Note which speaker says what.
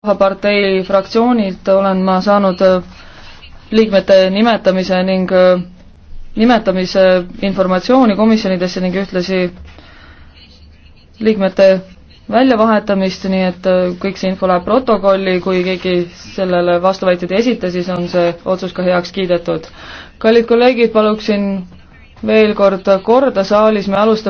Speaker 1: rahvapartei fraktsioonilt olen ma saanud äh, liikmete nimetamise ning äh, nimetamise informatsiooni komisjonidesse ning ühtlasi liikmete väljavahetamist, nii et äh, kõik see info läheb protokolli, kui keegi sellele vastuväiteid ei esita, siis on see otsus ka heaks kiidetud. kallid kolleegid, paluksin veel kord korda saalis, me alustame